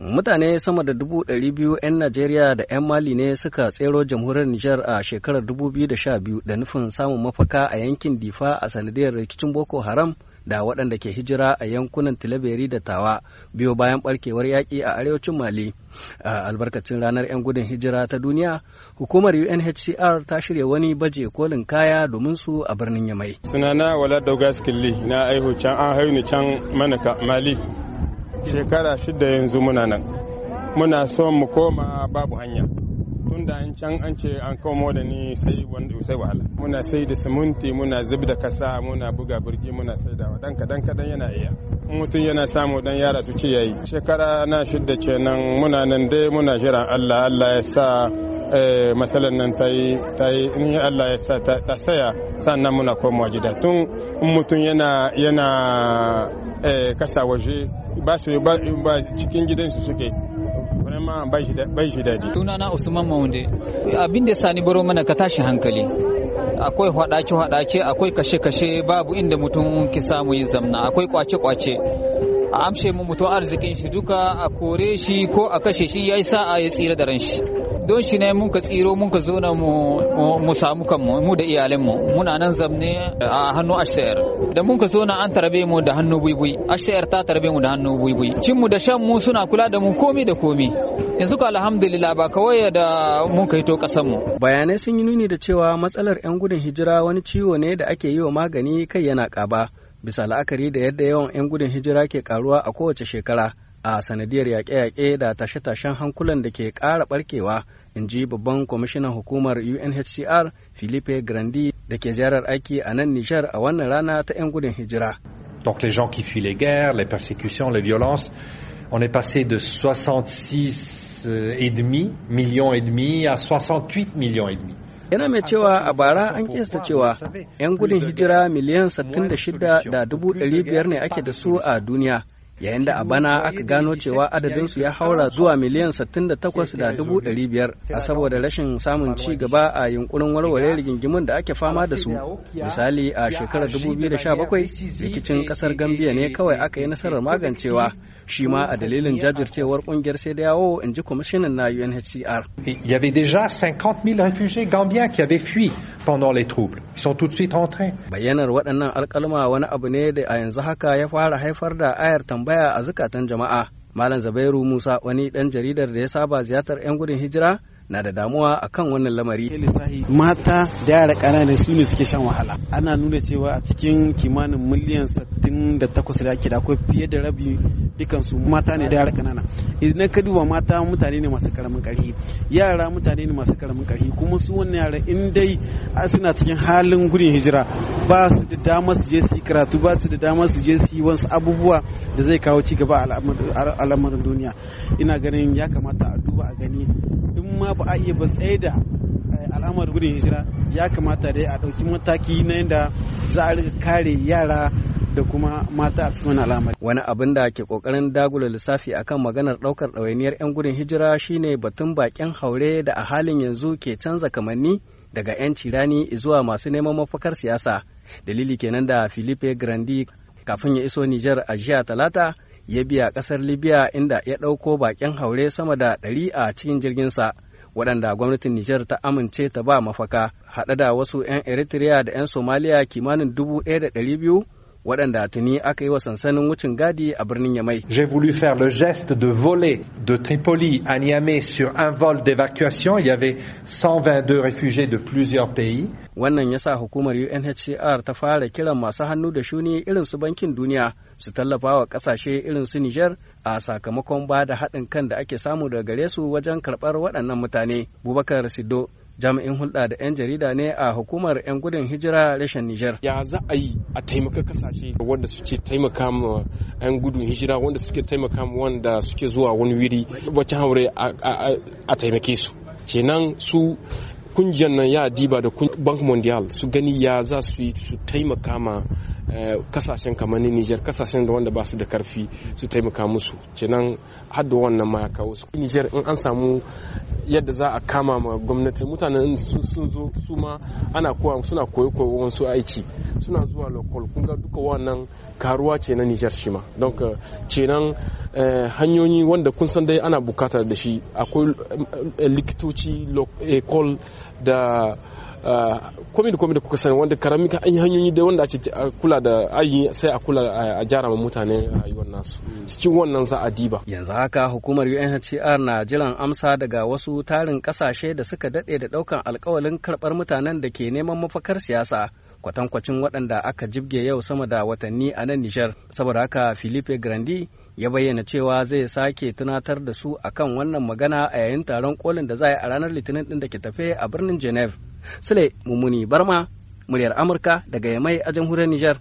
Mutane sama da dubu ɗari biyu 'yan Najeriya da 'yan Mali ne suka tsero jamhuriyar Nijar a shekarar 2012 da sha biyu, da nufin samun mafaka a yankin Difa a sanadiyar rikicin Boko Haram da waɗanda ke hijira a yankunan Tilaberi da Tawa biyo bayan ɓarkewar yaƙi a arewacin Mali. A albarkacin ranar 'yan gudun hijira ta duniya, hukumar UNHCR ta shirya wani baje kolin kaya domin su a birnin Yamai. Sunana Wala Daugas Killi na aihu can an haini can Manaka Mali. shekara shida yanzu muna nan muna son mu koma babu hanya da an can an ce an komo da ni sai wanda sai wahala muna sai da siminti muna zub da kasa muna buga birgi muna da wadan kadan kadan yana iya mutum yana samu dan yara su ce yayi shekara na shida kenan muna nan dai muna jiran Allah Allah ya sa Eh, matsalar nan ta yi in yi Allah ya sa ta saya sannan muna komawa gida tun mutum yana yana eh, kasa waje ba su ba cikin gidansu suke ma bai shi daji. tuna na Usman Maunde. Abin da sani baro mana ka tashi hankali. Akwai hwadace hwadace akwai kashe-kashe babu inda mutum ke samu yin zamna, akwai kwace-kwace. A amshe mu mutu arzikin shi duka a kore shi ko a kashe shi ya yi sa'a ya tsira da ran shi. don shi ne mun ka tsiro mun ka zo na mu samu kanmu mu da iyalinmu muna nan zamne a hannu ashtayar da mun ka zo na an tarbe mu da hannu buibui ashtayar ta tarbe mu da hannu buibui cin mu da shan mu suna kula da mu komi da komi yanzu ka alhamdulillah ba kawai da mun kai to kasan mu bayanai sun yi nuni da cewa matsalar yan gudun hijira wani ciwo ne da ake yi wa magani kai yana kaba bisa la'akari da yadda yawan yan gudun hijira ke karuwa a kowace shekara a sanadiyar yaƙe-yaƙe da tashe-tashen hankulan da ke ƙara ɓarkewa in ji babban kwamishinan hukumar unhcr philippe grandi da ke jarar aiki a nan nijar a wannan rana ta 'yan gudun hijira Donc les gens qui fuient les guerres, les persécutions, les violences, on est passé de 66 et demi millions et demi à 68 millions et demi. yana mai cewa a bara an kista cewa 'yan gudun hijira miliyan 66 da dubu ne ake da su a duniya yayin da a bana aka gano cewa adadinsu ya haura zuwa miliyan da 68,500 a saboda rashin samun ci gaba a yunkurin warware rigingimun da ake fama da su misali a shekarar 2017 rikicin kasar gambiya ne kawai aka yi nasarar magancewa shi ma a dalilin jajircewar kungiyar sai da yawo in ji kwamishinan na UNHCR. Il y avait déjà 50 gambia réfugiés gambiens qui pendant les troubles. Ils sont tout de suite entrain. Bayyanar waɗannan alƙalma wani abu ne da a yanzu haka ya fara haifar da ayar tambaya a zukatan jama'a. Malam Zabairu Musa wani ɗan jaridar da ya saba ziyartar 'yan gudun hijira na da damuwa a kan wannan lamari. Mata da yara ƙanana su ne suke shan wahala. Ana nuna cewa a cikin kimanin miliyan 68 da ake da akwai fiye da rabi dukansu mata ne da yara kanana idan ka duba mata mutane ne masu karamin karfi yara mutane ne masu karamin karfi kuma su wannan yara in dai suna cikin halin gudun hijira ba su da damar su je su yi karatu ba su da damar su je su yi wasu abubuwa da zai kawo ci gaba a al'amarin duniya ina ganin ya kamata a duba a gani in ma ba a iya ba tsaye da eh, al'amar gudun hijira ya kamata dai a ɗauki mataki na yadda za a kare yara da kuma mata a cikin al'amari. Wani abin da ke kokarin dagula lissafi akan maganar daukar ɗawainiyar 'yan gudun hijira shine batun bakin haure da a halin yanzu ke canza kamanni daga 'yanci rani zuwa masu neman mafakar siyasa. Dalili kenan da Filipe Grandi kafin ya iso Nijar a jiya talata ya biya kasar Libya inda ya ɗauko bakin haure sama da ɗari a cikin jirgin sa waɗanda gwamnatin Nijar ta amince ta ba mafaka haɗe da wasu 'yan Eritrea da 'yan Somaliya kimanin dubu ɗaya da ɗari biyu waɗanda tuni aka yi wa sansanin wucin gadi a birnin Yamai. J'ai voulu faire le geste de voler de Tripoli à Niamey sur un vol d'évacuation. Il y avait 122 réfugiés de plusieurs pays. Wannan ya sa hukumar UNHCR ta fara kiran masu hannu da shuni irin su bankin duniya su tallafa wa ƙasashe irin su Niger a sakamakon ba da haɗin kan da ake samu daga gare su wajen karɓar waɗannan mutane. Bubakar Sido jami'in hulɗa da 'yan jarida ne a hukumar 'yan gudun hijira reshen Nijar. Ya za a yi a taimaka kasashe wanda suke taimaka ma 'yan gudun hijira wanda suke taimaka ma wanda suke zuwa wani wiri wacce haure a taimake su. Kenan su kungiyar nan ya diba da bank mondial su gani ya za su yi su taimaka ma eh, kasashen kamar niger kasashen da wanda ba su da karfi su taimaka musu kenan har da wannan ma ya kawo su niger in an samu yadda za a kama ma gwamnati mutanen sun zo su ma ana kowa suna koyi koyi wasu aiki suna zuwa lokal kun ga duka wannan karuwa ce na Nijar shi ma don nan Eh, hanyoyi wanda kun san dai ana bukata da shi akwai eh, likitoci ecol eh, da komi da komi da kuka sani wanda karami ka an yi hanyoyi da wanda a kula da ayi sai a kula a jara ma mutane rayuwar nasu hmm. cikin wannan za a diba yanzu haka hukumar UNHCR na jiran amsa daga wasu tarin kasashe da suka daɗe da daukan alkawalin karbar mutanen da ke neman mafakar siyasa kwatankwacin waɗanda aka jibge yau sama da watanni a nan Nijar. Saboda haka Filipe Grandi ya bayyana cewa zai sake tunatar da su akan wannan magana a yayin taron kolin da za a ranar Litinin ɗin da ke tafe a birnin geneve Sule Mumuni Barma, muryar Amurka daga Yamai a jamhuriyar Nijar.